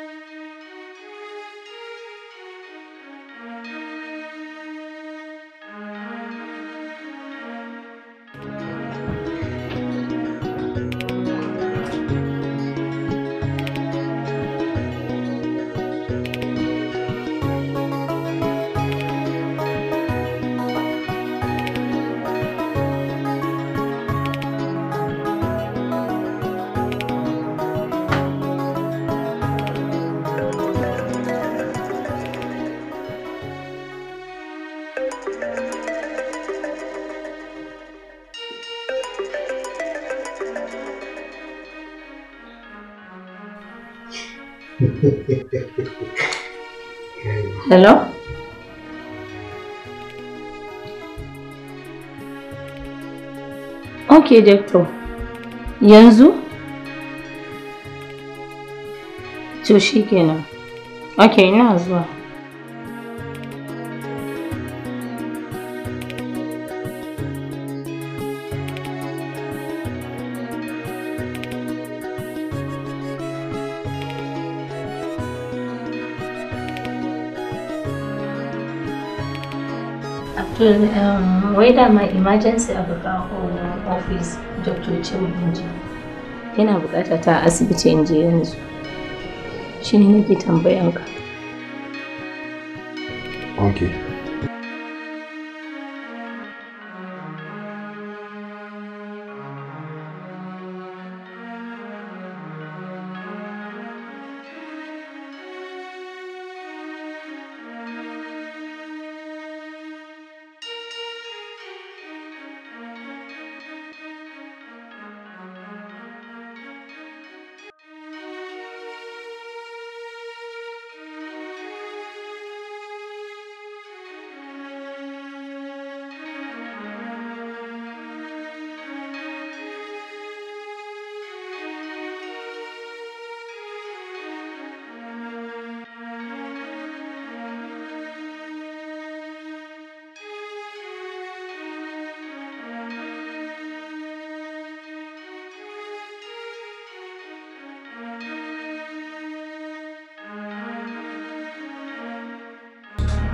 you Hello? Ok, Doctor. Yanzu? To shi kenan. Ok, ina zuwa. Um, wai ma emergency abu kawo na office doktocin inji yana bukata ta asibiti inji yanzu shi ne nake tambayanka okay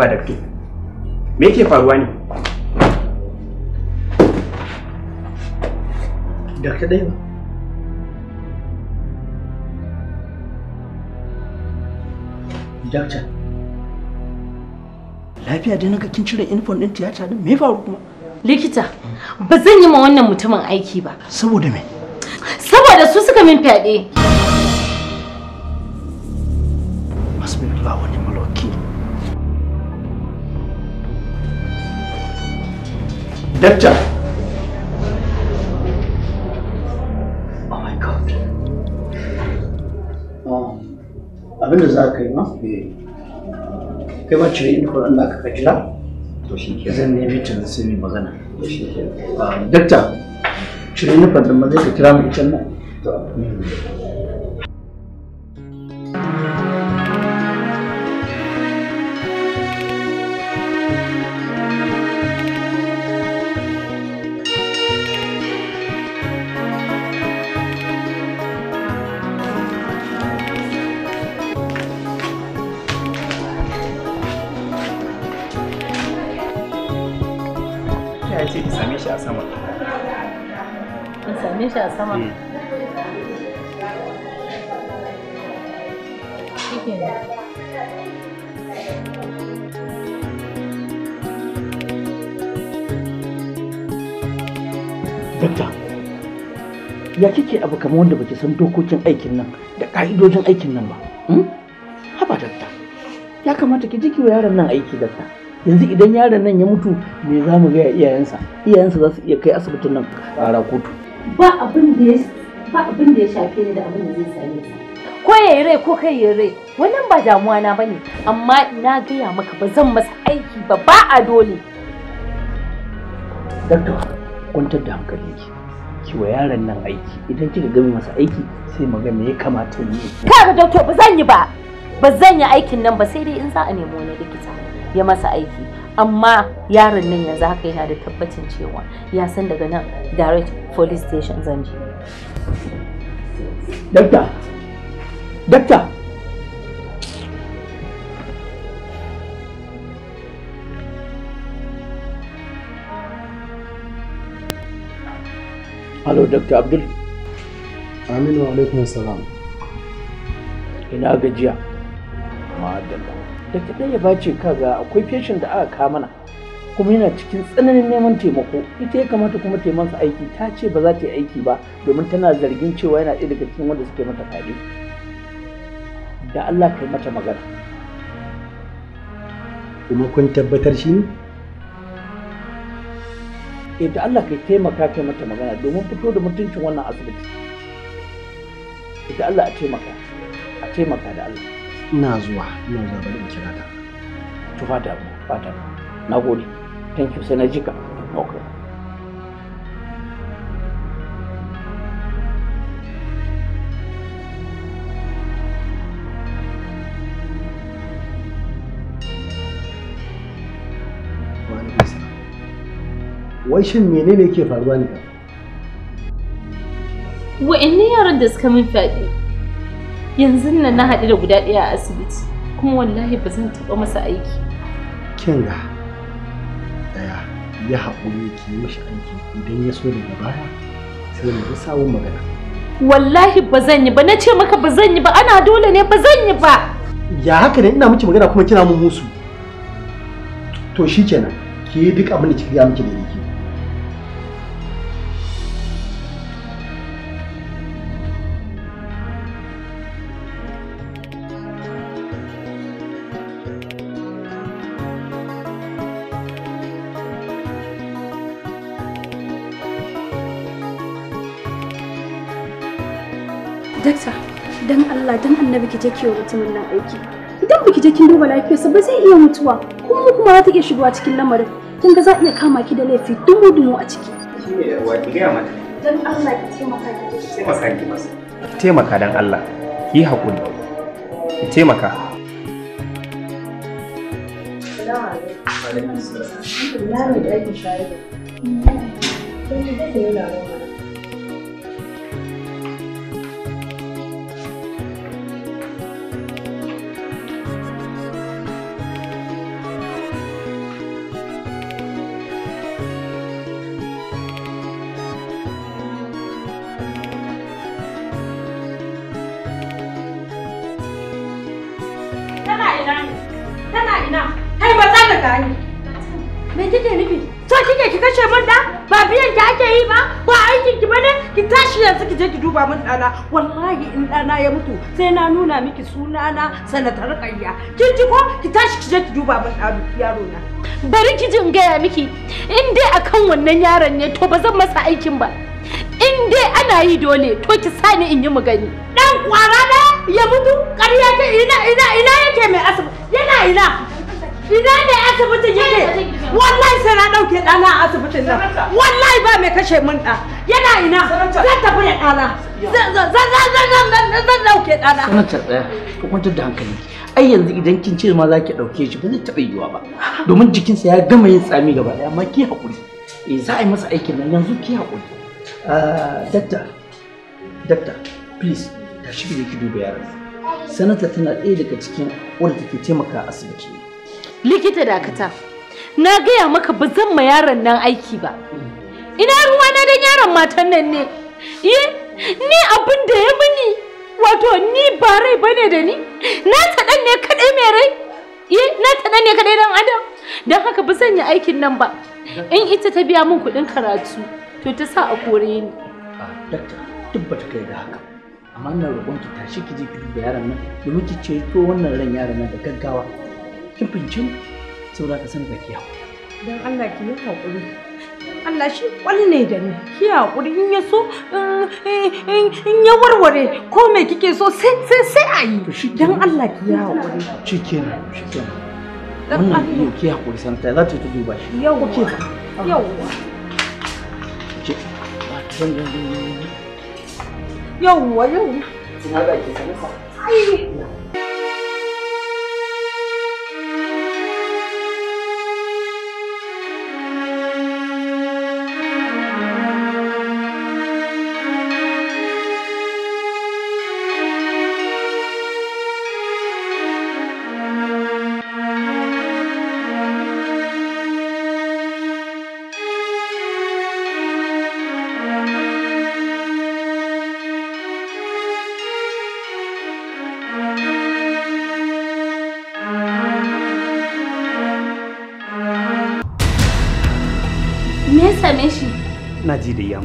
da dakto me yake faruwa ne dakta ɗaya dai dakta lafiya dai naga kin cire info din tiyata din me faru kuma likita ba zan yi ma wannan mutumin aiki ba saboda me saboda su suka min fyaɗe. Lecture. Oh my God. Abin da za ka yi ma? Kai ma cire in kuɗin da aka kira? To shi ke. Zan nemi ta sai mai magana. To shi ke. Dakta, cire in kuɗin da ka kira mai can nan. To. Hmm. Dokta, ya kike abu kamar wanda baki san dokokin aikin nan da ka'idojin aikin nan ba? Hmm? Haba dokta, ya kamata ki jiki wa yaron nan aiki dokta. Yanzu idan yaron nan ya mutu me za mu ga iyayensa? Iyayensa za su iya kai asibitin nan ƙara kotu. ba abin da ya ba abin da ya shafe ni da abin da zai same ka ko ya rai ko kai ya rai wannan ba damuwa na bane amma na gaya maka ba zan masa aiki ba ba a dole dakta kwantar da hankalinki ki wa yaron nan aiki idan kika gami masa aiki sai magana ya kamata ni kaga doctor ba zan yi ba ba zan yi aikin nan ba sai dai in za a nemo wani likita ya masa aiki amma yaron nan yanzu haka yana da tabbacin cewa ya san daga nan direct police station zan je dakta dakta Hello, Dr. Abdul. Aminu alaikum salam. Ina gajiya. Ma'adala. da ta ɗaya ba ce kaga akwai feshin da aka kama mana kuma yana cikin tsananin neman taimako ita ya kamata kuma taimansa aiki ta ce ba za ta yi aiki ba domin tana zargin cewa yana ɗaya daga cikin wanda suke mata fyaɗe da Allah kai mata magana kuma kun tabbatar shi ne eh da Allah kai taimaka kai mata magana domin fito da mutuncin wannan asibiti da Allah a taimaka a taimaka da Allah ina zuwa ina zuwa bari in kira ta to ba da ba da na gode thank you sai na jika okay wai shin menene ke faruwa ne wa'annan yaran da suka min fyaɗe yanzu nan na haɗu da guda ɗaya a asibiti kuma wallahi ba zan taɓa masa aiki kin ga ɗaya ya haƙuri ki yi mashi aiki idan ya so daga baya sai mu sabon magana wallahi ba zan yi ba na ce maka ba zan yi ba ana dole ne ba zan yi ba ya haka ne ina miki magana kuma kina mun musu to shikenan ki yi duk abin da kika gaya miki ne annabi ki je ki mutumin nan aiki idan biki je kin duba lafiyarsa ba zai iya mutuwa kuma kuma za ta iya shigowa cikin lamarin kin ga za iya kama ki da laifi dumu dumu a ciki wa ki ga mata dan Allah ki taimaka ki taimaka ki masa taimaka dan Allah ki hakuri ki taimaka Assalamu alaikum. Alaikum salam. Ina da aikin shayar. Ina da aikin shayar. To kike ki kashe min da ba biyan ki ake yi ba ba aikin ki bane ki tashi yanzu ki je ki duba min dana wallahi in dana ya mutu sai na nuna miki sunana sanatar ƙarya kin ji ko ki tashi ki je ki duba min dana yaro na bari ki jin gaya miki in dai akan wannan yaron ne to ba zan masa aikin ba in dai ana yi dole to ki sani in yi mu gani dan kwara da ya mutu ƙarya ke ina ina ina yake mai asibiti yana ina Ina ne asibitin yake? Wallahi sai na ɗauke ɗana a asibitin nan. Wallahi ba mai kashe mun ɗa. Yana ina? Zan tafi da ɗana. Zan ɗauke ɗana. Sanatar ɗaya, ka kwantar da hankali. Ai yanzu idan kin ce ma za ki ɗauke shi ba zai taɓa yiwuwa ba. Domin jikinsa ya gama yin tsami gaba ɗaya amma ki haƙuri. Eh za a yi masa aikin nan yanzu ki haƙuri. Dakta, ah, dakta, please, tashi ki je duba yaran. Sanata tana ɗaya daga cikin wadda take taimaka a asibiti. likita dakata na gaya maka ba zan ma yaron nan aiki ba ina ruwa na dan yaron matan nan ne eh, ni abin da ya mini wato ni ba rai bane da ni na ta ne kadai mai rai eh, na ta ne kadai dan adam don haka ba zan yi aikin nan ba in ita ta biya min kuɗin karatu to ta sa a kore ni ah, dakta duk ta kai da haka amma ina roƙon ki tashi ki je ki duba yaron nan domin ki ceto wannan ran yaron nan da gaggawa kin fahimci saboda ka sanar da ki haƙuri Don Allah ki yi haƙuri Allah shi kwalle da ni ki haƙuri in ya so in ya warware ko me kike so sai sai sai a yi Don Allah ki yi haƙuri shikenan shikenan wannan iyo ki haƙuri santa za ta duba shi yawwa yawwa ce ba ta yawwa yawwa ai ajili ya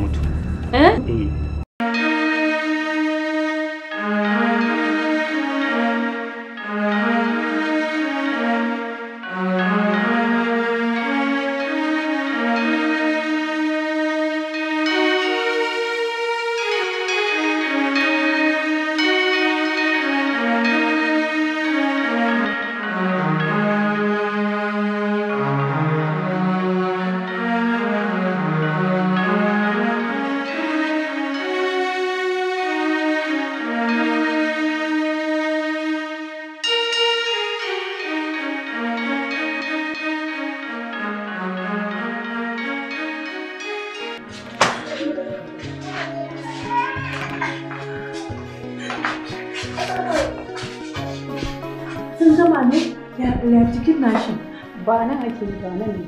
ne ake ba nan ne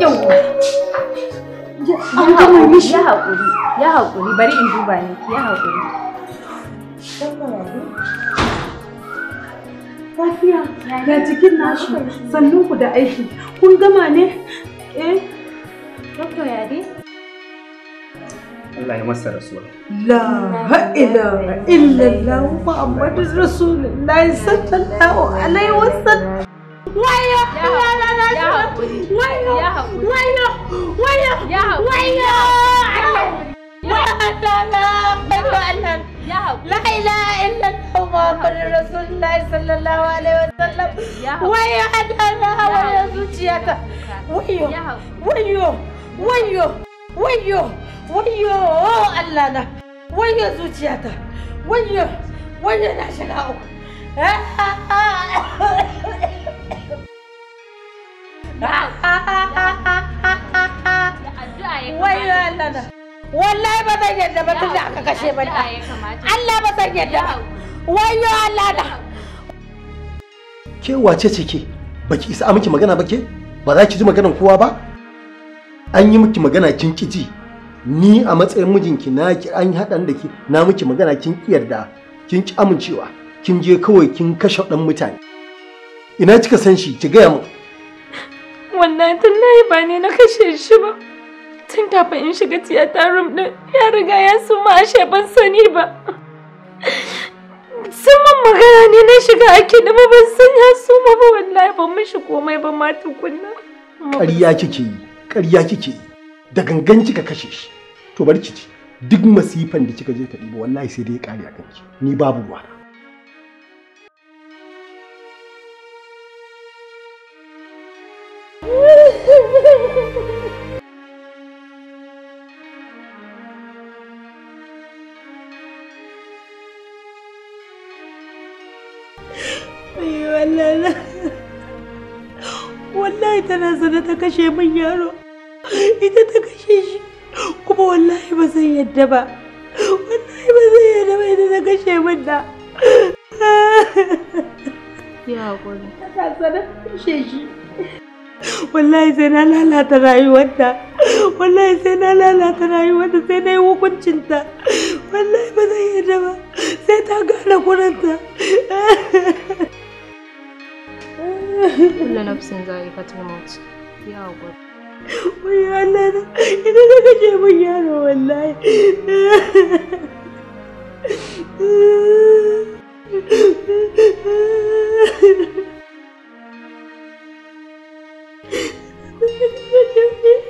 yauwa ya haƙuri ya haƙuri bari in duba ne ya haƙuri lafiya ya cikin nashi sannunku da aiki kun gama ne eh doktor ya dai لا يمسر رسول لا إله إلا الله محمد رسول الله صلى الله عليه وسلم ويا لا لا لا ويا ويا ويا ويا ويا لا لا لا إله إلا الله محمد رسول الله صلى الله عليه وسلم ويا لا لا ويا زوجيتا ويا ويا ويا ويا Wayyo Allah na, wayyo zuciyata, wayyo, wayyo na shiga uku. Wayyo Allah na. Wallahi ba zan yadda ba tun da aka kashe ba da. Allah ba zan yadda ba. Wayyo Allah na. Ke wace ce ke? Baki isa miki magana ba ke? Ba za ki ji maganar kowa ba? An yi miki magana kin ki ji. ni a matsayin mijinki na ki an haɗan da ki na miki magana kin ki yarda kin ki amincewa kin je kawai kin kashe ɗan mutane ina kika san shi ki gaya min wannan yi ba ne na kashe shi ba tun kafin in shiga tiyata room din ya riga ya suma ashe ban sani ba saman magana ne na shiga a da ba ban san ya suma ba wallahi ban mishi komai ba ma tukunna ƙarya kike yi ƙarya kike yi da gangan kika kashe shi to bari ki ci duk masifan da kika je ka ɗiba wallahi sai dai ya kare a kanki ni babu ruwa Wallahi tana zana ta kashe min yaro. ita ta kashe shi kuma wallahi ba zai yadda ba wallahi ba zai yadda ba ita ta kashe min da ya hakuri ta sanar kashe shi wallahi sai na lalata rayuwarta wallahi sai na lalata rayuwarta sai na yi hukuncinta wallahi ba zai yadda ba sai ta gane kuranta kullum nafsin za'i katil mace ya gwada wai Allah na da kake min yaro wallahi Thank you.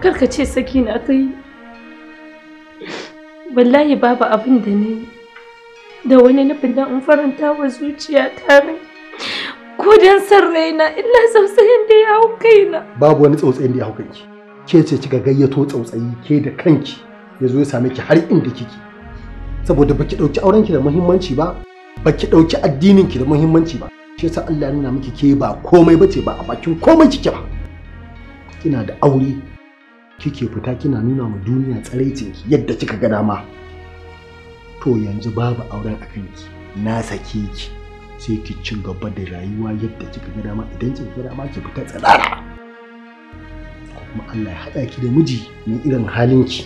karka ce saki na kai wallahi babu abin da na da wani nufin da faranta wa zuciya ta rai ko don san raina illa tsautsayin da ya hau kaina babu wani tsautsayin da ya hau kanki ke ce kika gayyato tsautsayi ke da kanki ya zo ya same ki har inda kiki, saboda baki ɗauki aurenki da muhimmanci ba baki dauki addininki da muhimmanci ba shi yasa Allah ya nuna miki ke ba komai bace ba a bakin komai kike ba kina da aure kike fita kina nuna ma duniya tsaraicinki yadda kika ga dama to yanzu babu auren a kanki na sake ki sai ki cin gaba da rayuwa yadda kika ga dama idan kika ga dama ki fita tsirara kuma Allah ya haɗa ki da miji mai irin ki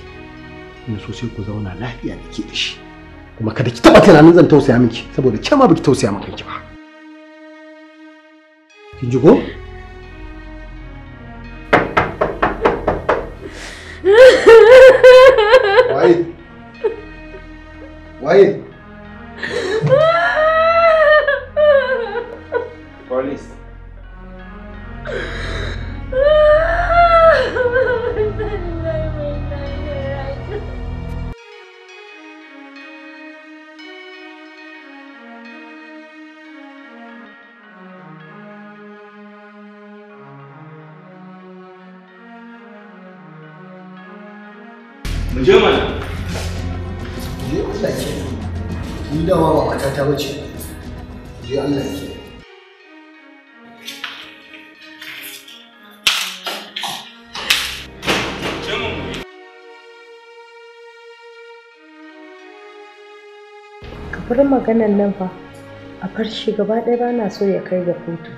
in so sai ku zauna lafiya da ke da shi kuma kada ki taɓa tunanin zan tausaya miki saboda ke ma tausaya min kanki ba kin ji ko Vai. Paulista. Jom mana? ni dama ba Allah ke ka maganan nan fa a farshe gaba ɗaya ba na so ya kai ga kotu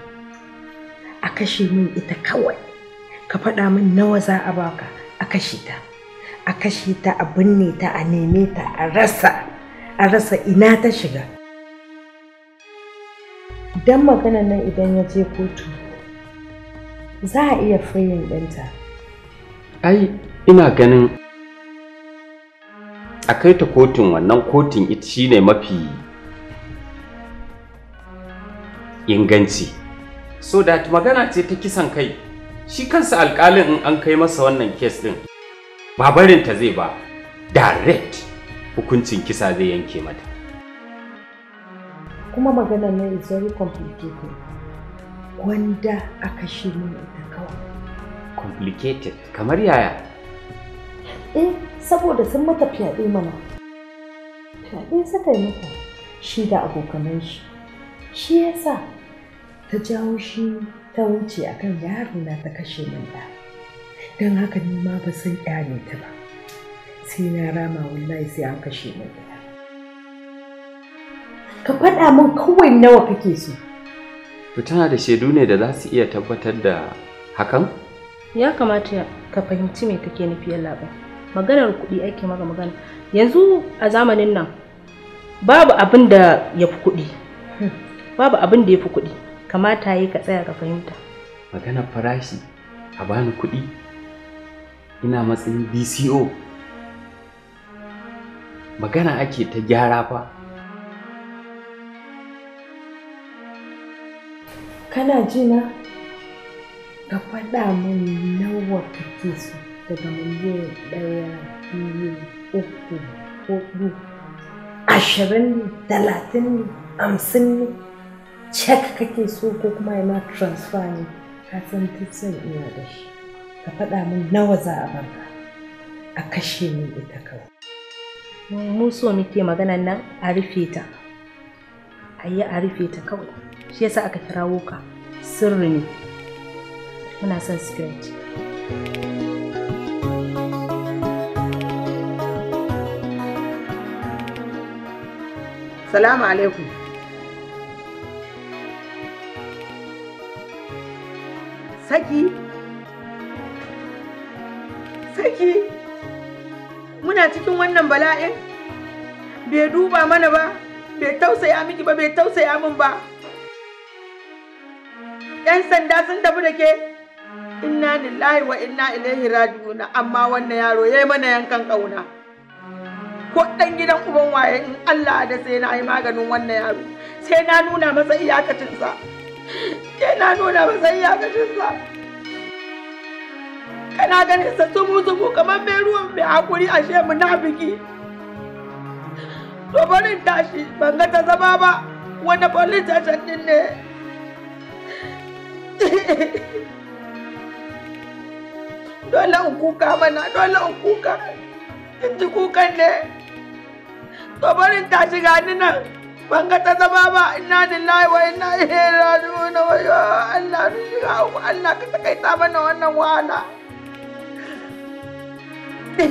a kashe min ita kawai ka faɗa min nawa za a baka a kashe ta a kashe ta a binne ta a neme ta a rasa a rasa ina ta shiga don magana nan idan ya je kotu za a iya firin ɗinta ai ina ganin a kai ta kotun wannan kotun ita shine mafi inganci so that magana ce ta kisan kai shi kansa alƙalin in an kai masa wannan kes ɗin Babarinta barinta zai ba direct hukuncin kisa zai yanke mata kuma magana ne is very complicated wanda aka shi mun ita kawai complicated kamar yaya eh saboda sun mata fyaɗe mana fyaɗe suka yi mata shi da abokanan shi shi yasa ta jawo shi ta wuce akan yaro na ta kashe mai da don haka nima ma ba sun ta ba sai na rama wallahi sai an kashe mu ka faɗa min kawai nawa kake so to tana da shaidu ne da za su iya tabbatar da hakan ya kamata ka fahimci me kake nufi yalla ba maganar kuɗi ake maka magana yanzu a zamanin nan babu abin da ya fi kuɗi babu abin da ya fi kuɗi kamata yi ka tsaya ka fahimta maganar farashi a bani kuɗi ina matsayin B.C.O. magana ake ta gyara fa kana ji na ka faɗa min nawa kake so daga miliyan ɗaya miliyan uku hudu ashirin ne talatin ne hamsin ne cek kake so ko kuma ya ma transfer ne ka san duk iya da shi ka faɗa min nawa za a ka, a kashe ni ita kawai mu so muke maganan nan a rufe ta a yi a rufe ta kawai shi yasa aka kirawo ka sirri ne muna son secret salamu alaikum saki kina cikin wannan bala'in bai duba mana ba bai tausaya miki ba bai tausaya min ba yan sanda sun tafi da ke inna lillahi wa inna ilaihi raji'un amma wannan yaro yayi mana yankan kauna ko dan gidan uban waye in Allah da sai na yi maganin wannan yaro sai na nuna masa sa sai na nuna masa sa kana ganin sa zubu zubu kamar mai ruwan mai hakuri ashe munafiki to barin tashi ban ga ta zama ba wanda police station din ne dole in kuka mana dole in kuka in ji kukan ne to barin tashi ni nan ban ga ta zama ba inna lillahi wa inna ilaihi raji'un wa ya Allah ni Allah ka takaita mana wannan wahala da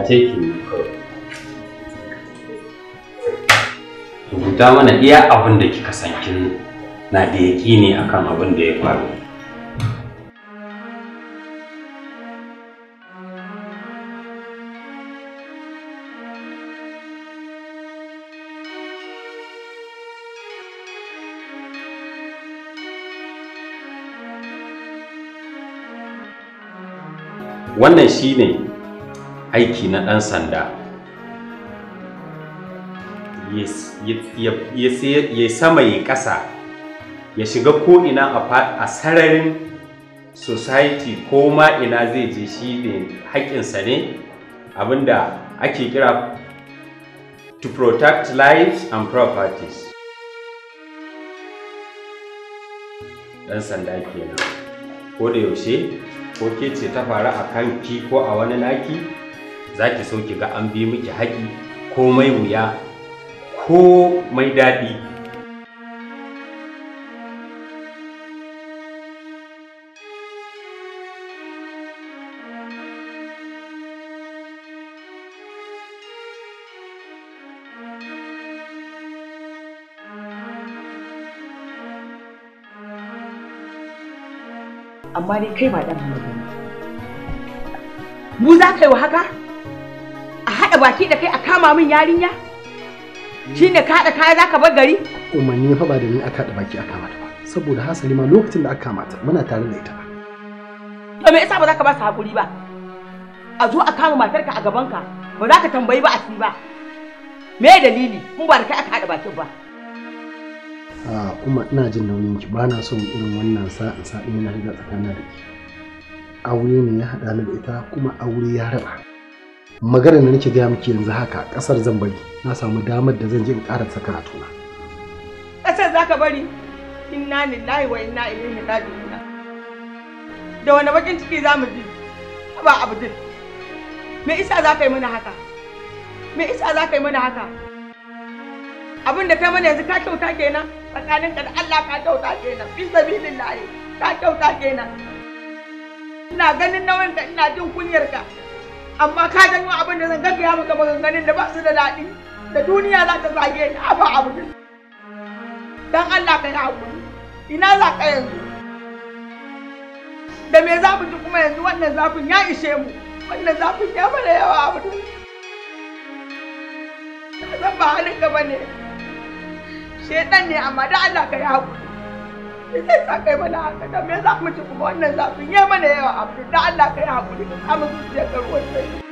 taking rubuta mana iya abin da kika san kin na da ne akan abin da ya faru wannan shi ne aiki na ɗan sanda ya sama ya ƙasa ya shiga ko'ina a sararin society ko ma ina zai je shi ne haƙƙinsa ne abinda ake kira to protect lives and properties ɗan sanda kenan ko da yaushe ko ke ce ta faru a kan ki ko a wani naki za ki so ki ga an bi miki haƙi ko mai wuya ko mai daɗi amma dai kai ba ɗan hannu ne mu za ka yi wa haka a haɗa baki da kai a kama min yarinya shi ne ka haɗa kaya za ka bar gari umarni fa ba da ni aka haɗa baki a kama ta ba saboda hasali ma lokacin da aka kama ta muna tare da ita ba me yasa ba za ka ba su haƙuri ba a zo a kama matarka a gabanka ba za ka tambayi ba a ba me dalili mun ba da kai aka haɗa bakin ba Ah, kuma ina jin nauyin ki ba na son irin wannan sa'in sa'in yana shiga tsakanin da ke aure ne ya haɗa ni da ita kuma aure ya raba magana da nake gaya miki yanzu haka ƙasar zan bari na samu damar da zan je in ƙara saka na ƙasar zaka bari inna lillahi wa inna ilaihi raji'un da wani bakin ciki za mu ji ba abdul me isa za ka yi mana haka me isa za ka yi mana haka abin da kai mana yanzu ka kyauta kenan tsakanin ka da Allah ka kyauta kenan fi sabilillahi ka kyauta kenan ina ganin nauyin ka ina jin kunyar ka amma ka janyo abin da zan gaggaya maka maganganun da ba su da daɗi da duniya za ta zage ni a ba abu dan Allah ka yi hakuri ina za ka yanzu da me za mu ji kuma yanzu wannan zafin ya ishe mu wannan zafin ya mana yawa abu zan ba halin gaba ne shedan ne amma da Allah ka yi haƙuri zai sa kai mana haka da me za mu ci kuma wannan zafin ya mana yawa abu da Allah ka yi haƙuri ka samu zuciyar ka ruwan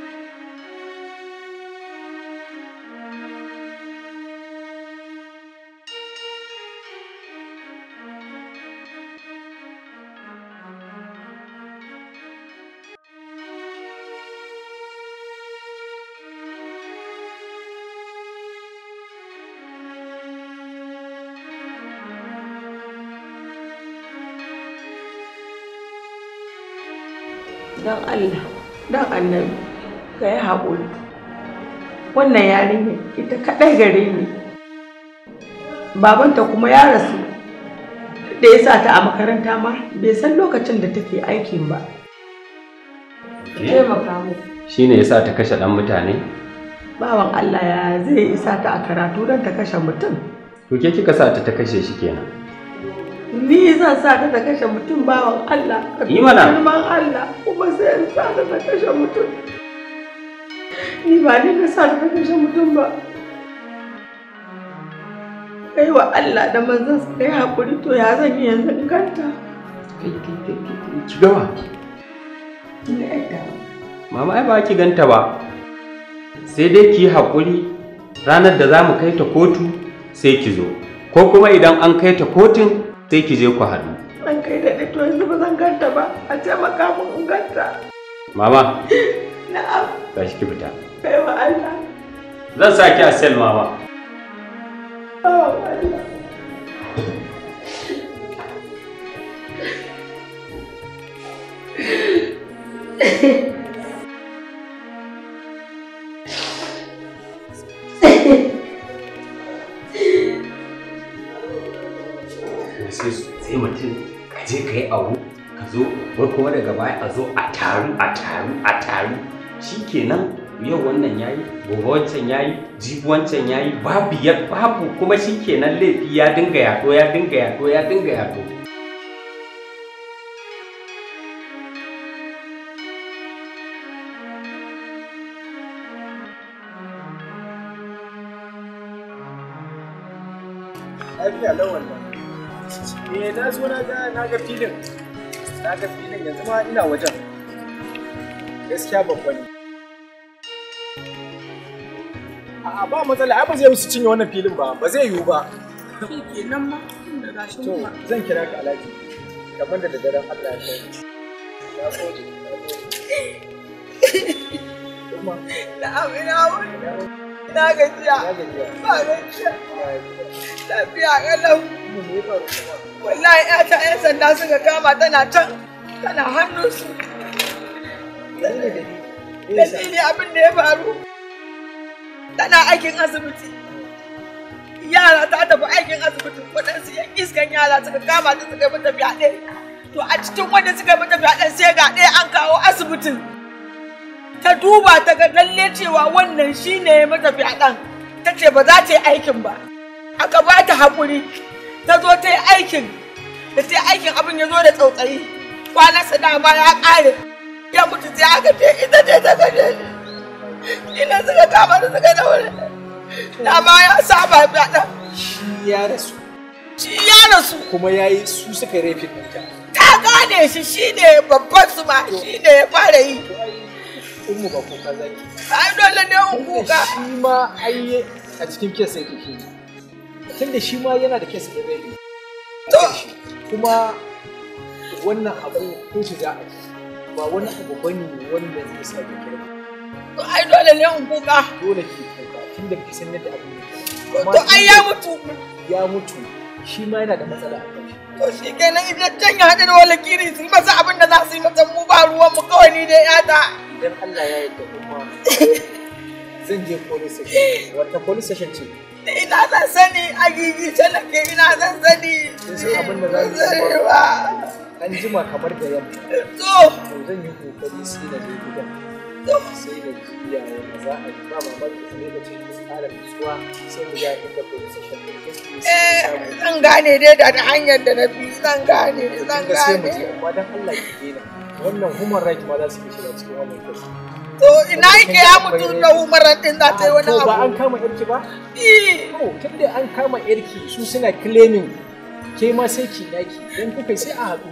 don Allah don annabi ka yi haƙuri wannan yarinya ita kaɗai gare ni babanta kuma ya rasu da ya sa ta a makaranta ma bai san lokacin da take aikin ba eh, taimaka mu shi ne ya sa ta kashe ɗan mutane bawan Allah ya zai isa ta a karatu don ta kashe mutum to ke kika sa ta ta kashe shi kenan ni zan sa ka ta mutum bawan Allah girman Allah kuma sai in sa ka ta kashe mutum ni ba ni sa ka kashe mutum ba kai wa Allah da manzon kai to ya zan yi yanzu in kanta ki gama mama ai ba ki ganta ba sai dai ki hakuri ranar da za mu kai ta kotu sai ki zo ko kuma idan an kai ta kotun sai ki je ku haɗu. An kai da to yanzu ba zan ganta ba, a ce maka mun in ganta. Mama. Na'am. Gashi ki fita. Kai wa Allah. Zan sa ki a sel mama. Oh Allah. sai ka yi abu ka zo wai kuma daga baya a zo a taru a taru a taru shi shikenan yau wannan ya yi gobe wancan yi jibi wancan ya yi babu ya babu kuma shi shikenan laifi ya dinga yaɗo ya dinga yaɗo ya dinga yaɗo lafiya lawan eh na zo na ga na ga filin na ga filin yanzu ma ina wajen gaskiya babba ne a'a ba matsala ai ba zai musu cinye wannan filin ba ba zai yiwu ba kenan ma da zan kira ka alhaji kamar da daren Allah ya kai na gode na amina wani na gajiya na gajiya lafiya ƙalau ne me faru wallahi ƴata ƴan sanda suka kama tana can tana hannunsu dalili abin da ya faru tana aikin asibiti yara ta tafi aikin asibiti waɗansu yan iskan yara suka kama ta suka mata fyaɗe to a cikin wanda suka mata fyaɗen sai ga ɗaya an kawo asibitin ta duba ta ga lalle cewa wannan shine ya mata fyaɗen ta ce ba za ta yi aikin ba aka ba ta haƙuri ta zo ta yi aikin da ta yi aikin abin ya zo da tsautsayi da ba ya ƙare ya mutu sai aka ce ita ce ta kashe shi ina suka kama da suka daure na ba ya saba fyaɗa shi ya rasu shi ya rasu kuma ya yi su suka rafi ɗinka ta gane shi shi ne babban su ma shi ne ya fara yi umu ba kuka zaki ai dole ne in kuka shi ma ai a cikin kesa yake shi da shi ma yana da kes ɗin rabi kuma wannan abu ko shi za a ji ba wani abu bane wanda zai sa ya kira to ai dole ne in kuka dole ki kuka tunda ki san yadda abu ne to ai ya mutu ya mutu shi ma yana da matsala a kai to shi kenan idan can ya haɗa da wala kiri sun su abin da za su yi mata mu ba ruwan mu kawai ni da yata idan Allah ya yarda kuma zan je police station wata police station ce ina zan sani a gigice na ke ina zan sani sai abin da zan sani ba kamar da yamma to zan yi kokari sai na je gidan sai na jiya wanda za a yi ba mamaki ta lokacin da tsara nutsuwa sai mu ga inda police station eh zan gane dai da hanyar da na bi zan gane zan gane sai mu je amma dan Allah ki dena wannan human right ma za su shiga cikin wannan kasu To ina yake ya mutu na umaran din za ta yi wani abu. Ba an kama ba? To tun da an kama irki su suna claiming ke ma sai ki naki kuka sai a haɗu.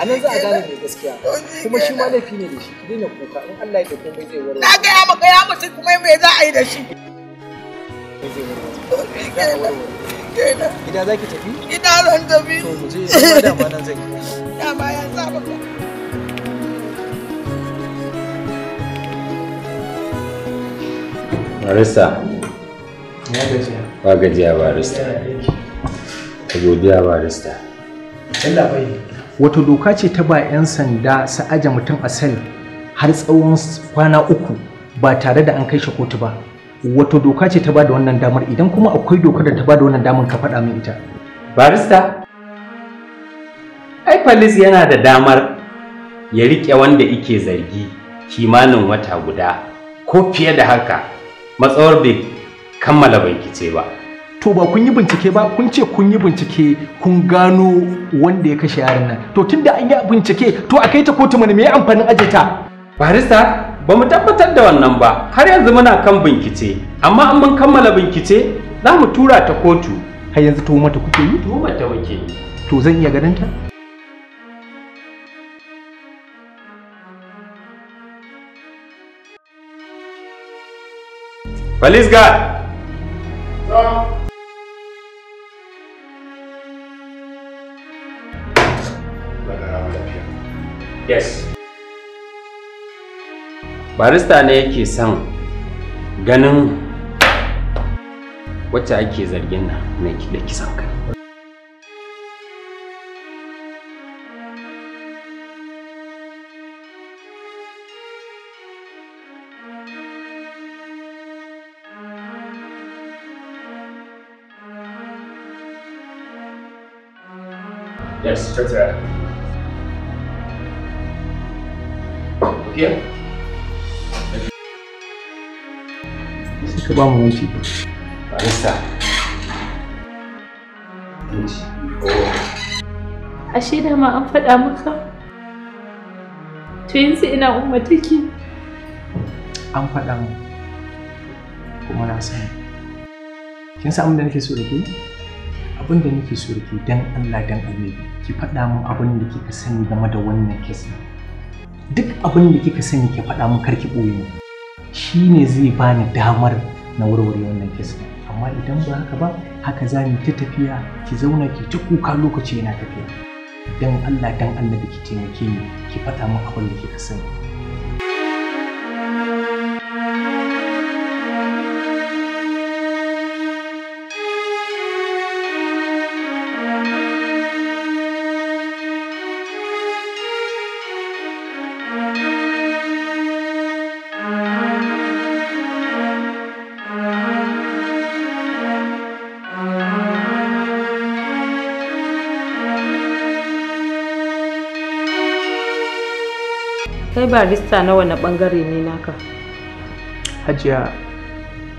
A nan za a gane mai gaskiya. Kuma shi ma laifi ne da shi. Ki daina kuka in Allah ya tafi mai zai Na gaya maka ya mutu kuma me za a yi da shi? Gida za ki tafi? Gida zan tafi. To mu je nan zai. ya barista ba gajiya barista ka godiya barista wato doka ce ta ba 'yan sanda su aje mutum a sel har tsawon kwana uku ba tare da an kai shi kotu ba wato doka ce ta ba da wannan damar idan kuma akwai dokar da ta ba da wannan damar ka faɗa min ita barista ai falis yana da damar ya riƙe wanda yake zargi kimanin wata guda ko fiye da haka matsawar bai kammala bincike ba to ba kun yi bincike ba kun ce kun yi bincike kun gano wanda ya kashe yaron nan to tunda an yi bincike to a kai ta kotu mana me ya amfanin aje ta barista ba mu tabbatar da wannan ba har yanzu muna kan bincike amma an mun kammala bincike za mu tura ta kotu har yanzu tuhumar ta kuke yi tuhumar ta muke to zan iya ganin ta Police guard! Yes. Barista ne yake son ganin wacce ake zargin nan da kisan kai. ta tsaya. Here? Ka ba mu da ma an maka? To yanzu ina umma take. An faɗa mu. Kuma na san abin da nake so abin da nake so da dan Allah dan annabi ki faɗa min abin da kika sani game da wannan kisa duk abin da kika sani ki faɗa min ki ɓoye shi ne zai bani damar na warware wannan kisa amma idan ba haka ba haka za ni ta tafiya ki zauna ki ta kuka lokaci yana tafiya dan Allah dan annabi ki taimake ni ki faɗa min abin da kika sani kai barista na wani bangare ne naka hajiya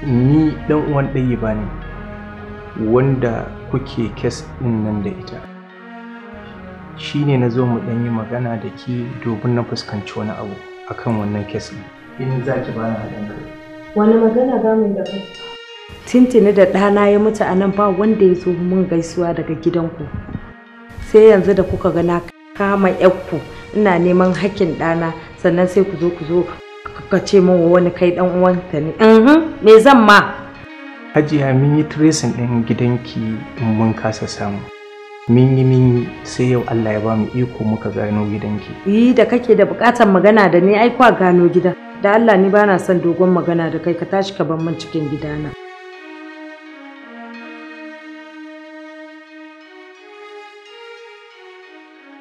ni dan uwan ɗaya ba ne wanda kuke kes ɗin nan da ita shi ne na zo mu ɗan yi magana da ki domin na fuskanci wani abu akan wannan kes ɗin in za ki ba na haɗin kai wani magana za mu da kai tintini da ɗana ya mutu a nan ba wanda ya zo mun gaisuwa daga gidanku sai yanzu da kuka ga na kama 'yakku ina neman hakkin ɗana sannan sai ku zo ku zo ka ce min wani kai dan uwanta ne me zan ma hajiya mun yi tracing ɗin gidanki mun kasa samu mun yi mun yi sai yau Allah ya ba mu iko muka gano gidanki yi da kake da bukatar magana da ni ai kwa gano gidan da Allah ni bana son dogon magana da kai ka tashi ka ban min cikin gidana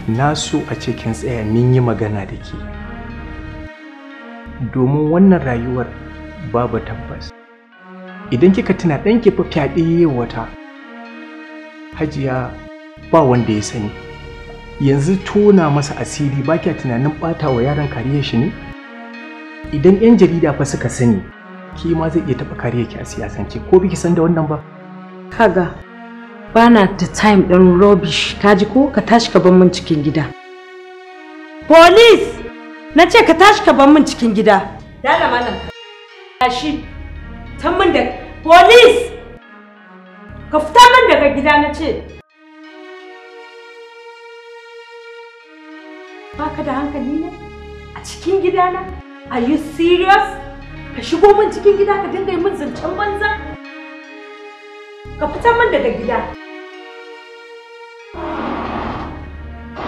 na so a ce kin tsaya min yi magana da ke domin wannan rayuwar babu tabbas idan kika tuna ɗanki fa fyaɗe wata hajiya ba wanda ya sani yanzu tona masa asiri ba kya tunanin ɓata wa yaron kariyar shi ne idan 'yan jarida fa suka sani ki ma zai iya taɓa kariyar ki a siyasance ko biki san da wannan ba kaga bana da time ɗin rubbish kaji ko ka tashi ka min cikin gida police na ce ka tashi ka min cikin gida dala malam tashi tan min da police ka fita min daga gida na ce baka da hankali ne a cikin gidana are you serious ka shigo min cikin gida ka dinga yi min zancen banza ka fita min daga gida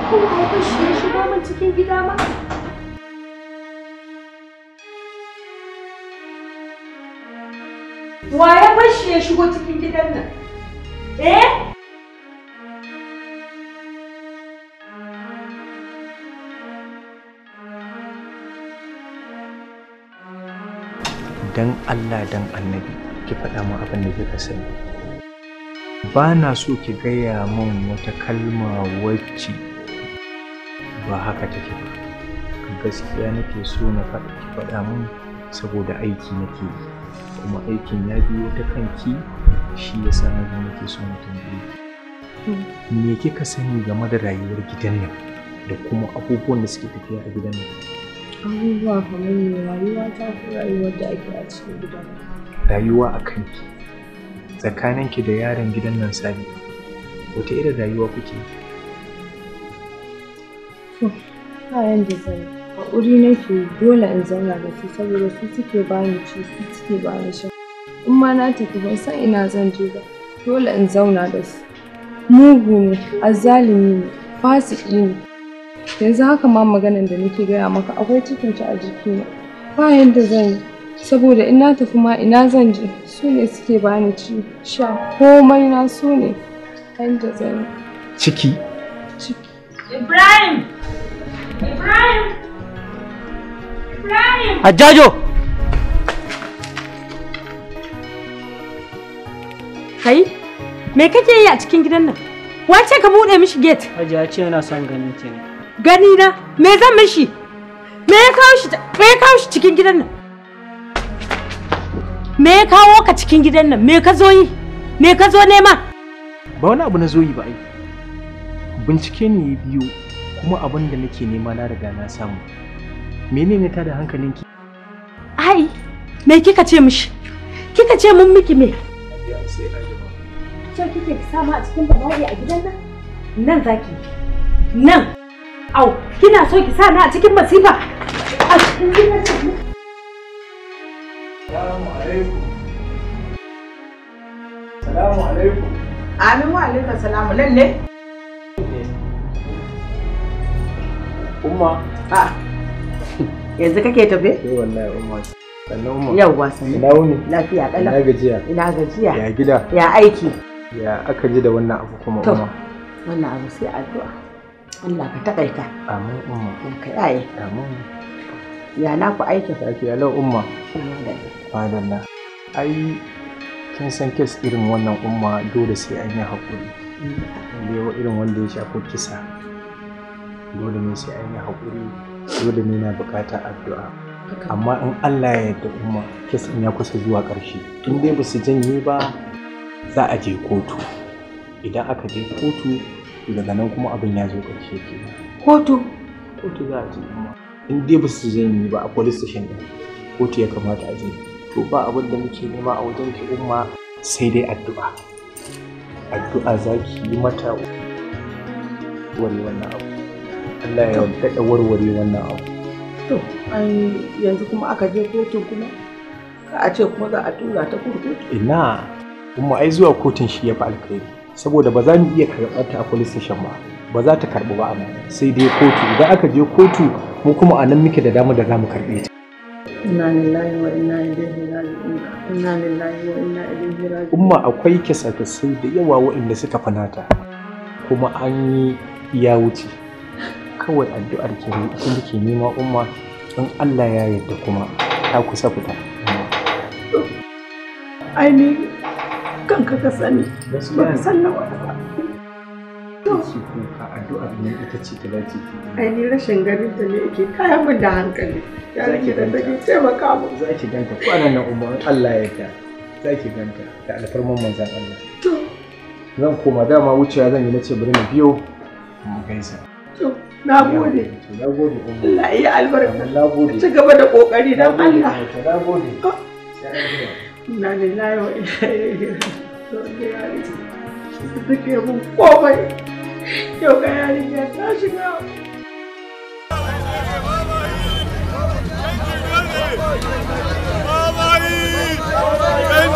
kun haifar shi ya shigo min cikin gida ma wa ya bar shi ya shigo cikin gidan nan eh dan Allah dan annabi ki faɗa mu abin da kika sani ba na so ki gaya min wata kalma wacce ba haka take ba gaskiya nake so na faɗa ki faɗa min saboda aiki nake yi kuma aikin ya biyo ta kanki shi ya sa na nake so na tambaye me kika sani game da rayuwar gidan nan da kuma abubuwan da suke tafiya a gidan nan abubuwa kamar me rayuwa ta fi rayuwar da ake a cikin gidan rayuwa a kanki Tsakanin ki da yaron gidan nan sani wata irin rayuwa kuke yan da zai na ke dole in zauna da su saboda su suke bani ci su suke bani sha in ma na tafi ban san ina zan je ba dole in zauna da su mugu ne azzalimi ne fasiki ne yanzu haka ma maganan da nake gaya maka akwai cikin a jikina bayan da zan yi saboda in na tafi ma ina zan je su ne suke bani ci sha komai na su ne da zan ciki ciki ibrahim ibrahim ibrahim hajjajo kai me kake yi a cikin gidan nan wace ka buɗe mishi gate hajjajo ce yana son ganin ki ne gani na me zan mishi me ya kawo shi me ya kawo shi cikin gidan nan me ya kawo ka cikin gidan nan me ka zo yi me ka zo nema ba wani abu na zo yi ba ai bincike ne ya biyo kuma abin da nake nema na riga na samu menene ta da hankalinki ai me kika ce mishi kika ce mun miki me ce kike sama a cikin babari a gidan nan nan zaki nan au kina so ki sa na a cikin masifa a cikin gidan nan Salamu alaikum. Salamu alaikum. Amin wa alaikum salamu lalle. Umma. A. Ah. Yanzu kake tafe? ke eh, wallahi umma. Sannan umma. Yawwa sannan. Ina wuni? Lafiya kala. Ina gajiya. Ina gajiya. Ya gida. Ya aiki. Ya aka ji da wannan abu kuma umma. Wannan abu sai addu'a. Allah ka takaita. Amin umma. Ka yaye. Amin. Ya na ku aikin? Lafiya lau umma. Amin. na ai kin san kes irin wannan umma dole sai an yi haƙuri yawa irin wanda ya shafi kisa dole ne sai an yi haƙuri dole ne na bukata addu'a amma in allah ya yarda umma kes ya kusa zuwa ƙarshe in dai ba su janye ba za a je kotu idan aka je kotu daga nan kuma abin ya zo ƙarshe ke kotu kotu za a je kuma in dai ba su janye ba a police station ɗin kotu ya kamata a je to ba abin da muke nema a wajen ki umma sai dai addu'a addu'a za ki yi mata wani wannan abu Allah ya daɗa warware wannan abu to an yanzu kuma aka je kotun kuma a ce kuma za a tura ta kurkuku ina kuma ai zuwa kotun shi ya fi alkhairi saboda ba za mu iya karɓar ta a police station ba ba za ta karɓi ba amma sai dai kotu idan aka je kotu mu kuma a nan muke da dama da za mu karɓe ta inna lillahi wa inna ilaihi raji'un inna lillahi wa inna ilaihi raji'un umma akwai kisa-kisai da yawa waɗanda suka fanata kuma an yi ya wuce kawai addu'ar ke ki kin ke nema umma in Allah ya yarda kuma ta kusa fita ai ni kanka ka sani ka san nawa nan ita ce ta dace ai ni rashin ganin ta ne yake kayan min da hankali yarinya da take taimaka mu za ki ganta kwanan nan umma Allah ya yarda za ki ganta da alfarman manzon Allah to zan koma dama wuce zan yi nace bari na biyo mu gaisa to na gode na gode umma Allah ya albarka na gode ci gaba da kokari dan Allah na gode na lillahi wa inna ilaihi raji'un to ya yi take mun komai yau ka yarinya ta shiga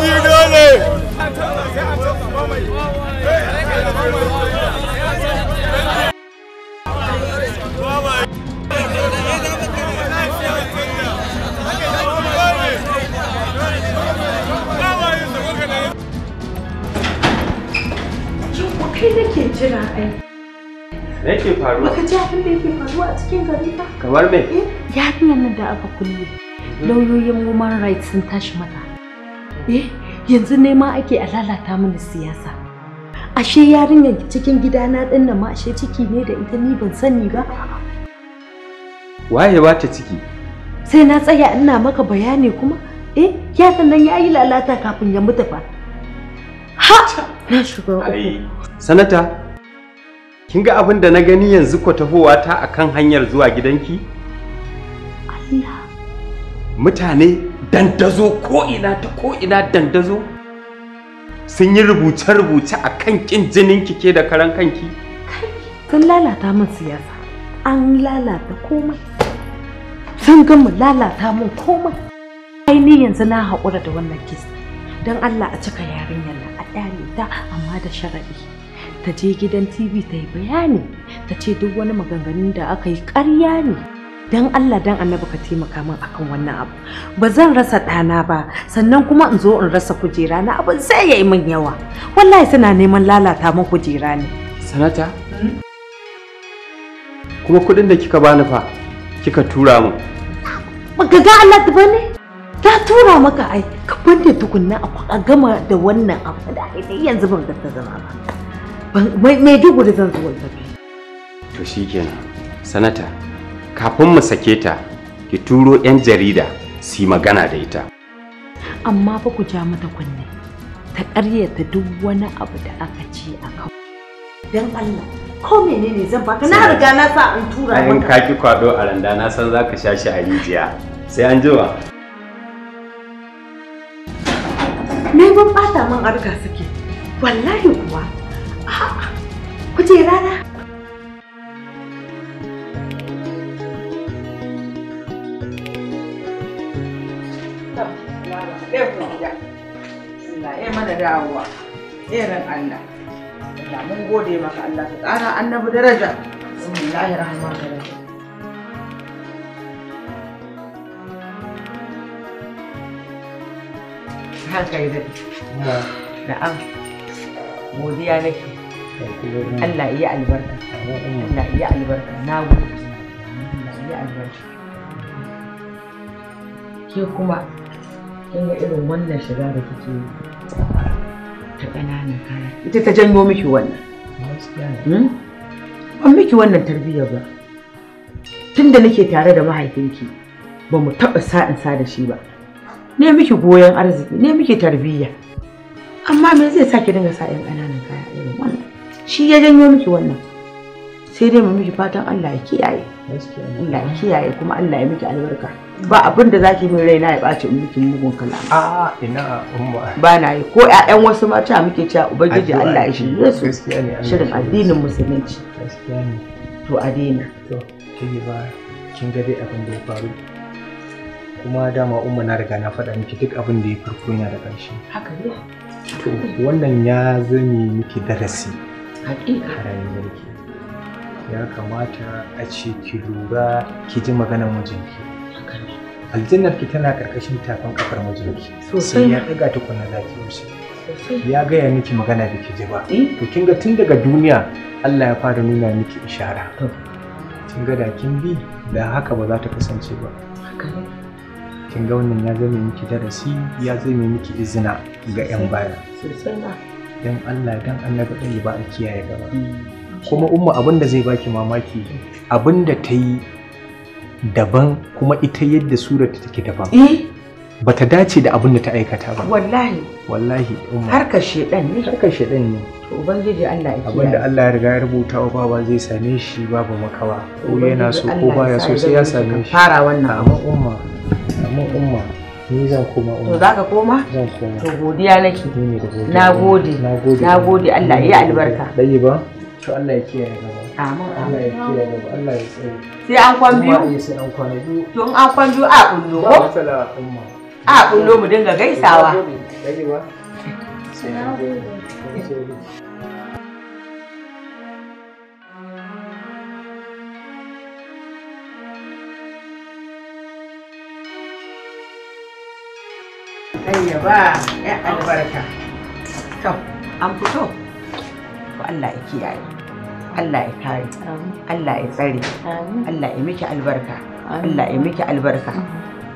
Canji dole! kai nake jira ai me ke faruwa baka ji abin da yake faruwa a cikin gari ba kamar me eh, Ya fi nan da aka kulle mhm. lauyoyin woman rights sun tashi mata eh yanzu ne ma ake a lalata mini siyasa ashe yarinyar cikin gidana din nan ma ashe ciki ne da ita ni ban sani ba waye ba ta ciki sai na tsaya ina maka bayani kuma eh ya nan ya yi lalata kafin ya mutu fa ha Na shiga uku. Sanata, kin ga abin da na gani yanzu ko tahowa ta akan hanyar zuwa gidanki? Allah. Mutane dandazo ko ina ta ko ina dandazo. Sun yi rubuce-rubuce a kan ƙin jinin ke da karan kanki. sun lalata min siyasa. An lalata komai. Sun gama lalata min komai. Ai ni yanzu na haƙura da wannan kisa. Don Allah a cika yarinyar nan. amma da sharaɗi ta je gidan tv ta yi bayani ta ce duk wani maganganun da aka yi ƙarya ne don allah don annabi ka taimaka min akan wannan abu ba zan rasa ɗana ba sannan kuma in zo in rasa kujera na abin sai ya yi min yawa wallahi suna neman lalata min kujera ne sanata hmm? kuma kuɗin da kika bani fa kika tura min baka ga allah ba ne ta tura maka ai ka bande tukunna a gama da wannan abu da ai yanzu ban ga ta zama ba mai dubu da zan zo tafi to shikenan sanata kafin mu sake ta ki turo yan jarida su magana da ita amma fa ku ja mata kunne ta ƙaryata duk wani abu da aka ce a kan dan Allah ko menene zan baka na riga na sa in tura maka in ka ki kwado a randa na san zaka sha a rijiya sai an jiwa Me ba bata man arga suke. Wallahi kuwa. A'a. je rana. Allah eh, ya mana dawowa. Allah. Da mun gode maka Allah ka ƙara annabi daraja. Bismillahir rahmanir rahim. ranka ya daɗe na'am godiya nake Allah iya albarka Allah iya albarka na gode Allah iya albarka ke kuma kin ga irin wannan shiga da kike yi ta ƙananan kaya ita ta janyo miki wannan hmm? ban miki wannan tarbiyyar ba tunda nake tare da mahaifinki ba mu taɓa sa'in sa da shi ba ne miki goyon arziki ne miki tarbiyya amma me zai sake dinga sa 'yan ƙananan kaya irin wannan shi ya janyo miki wannan sai dai mu miki fatan Allah ya kiyaye Allah ya kiyaye kuma Allah ya miki albarka ba abin da zaki min raina ya ɓaci in miki mugun kalama. a ina umma ba na yi ko ƴaƴan wasu mata muke cewa ubangiji Allah ya shirye su shirin addinin musulunci to a daina to kin ga dai abin da ya faru kuma dama umma na riga na faɗa miki duk abin da ya farko yana da ƙarshe haka ne to wannan ya zame miki darasi haƙiƙa a rayuwarki ya kamata a ce ki lura ki ji maganar mijinki aljannar ki tana karkashin tafin kafar mijinki Sosai. ya ɗaga kunna zaki wuce ya gaya miki magana da ki ji ba eh? to kin ga tun daga duniya Allah ya fara nuna miki ishara kin ga da kin bi da haka ba za ta kasance ba haka ne kin ga wannan ya zame miki darasi ya zame miki izina ga yan baya Don Allah dan annabi ɗaya ba a kiyaye gaba hmm. kuma umma abin da zai baki mamaki abin da ta yi daban kuma ita yadda surata take daban eh? bata dace da abin da ta aikata ba wallahi wallahi umma harkar shedan ne harkar shedan ne to ubangiji Allah ya kiyaye abin da Allah ya riga ya rubuta wa baba zai same shi babu makawa ko yana so ko baya so sai ya same shi fara wannan amma umma amma umma ni zan koma umma to zaka koma zan koma to godiya nake ni ne da godiya Na gode. Allah ya albarka dai ba to Allah ya kiyaye gaba amin Allah ya kiyaye gaba Allah ya tsare sai an kwan biyu sai an kwan biyu to an kwan biyu a kullu ko a kullo mu dinga gaisawa Ayya ya albarka. To, an fito? Allah ya kiyaye. Allah ya kare. Allah ya tsare. Allah ya miki albarka. Allah ya miki albarka.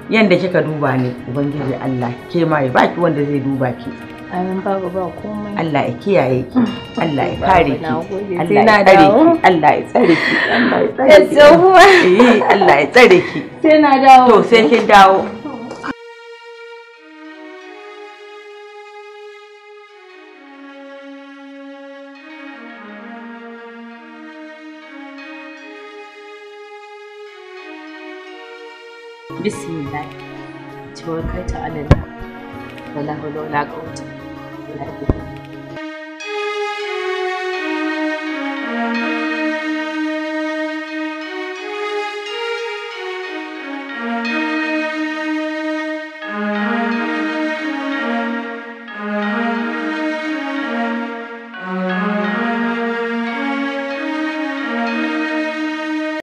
yanda kika duba ni ubangiji Allah ke ma ya baki wanda zai duba ki amin babu ba komai Allah ya kiyaye ki Allah ya kare ki Allah ya tsare ki Allah ya tsare ki Allah ya tsare ki eh Allah ya tsare ki sai na dawo to sai kin dawo Bismillah cikin kai ta alala wala hulu na gauta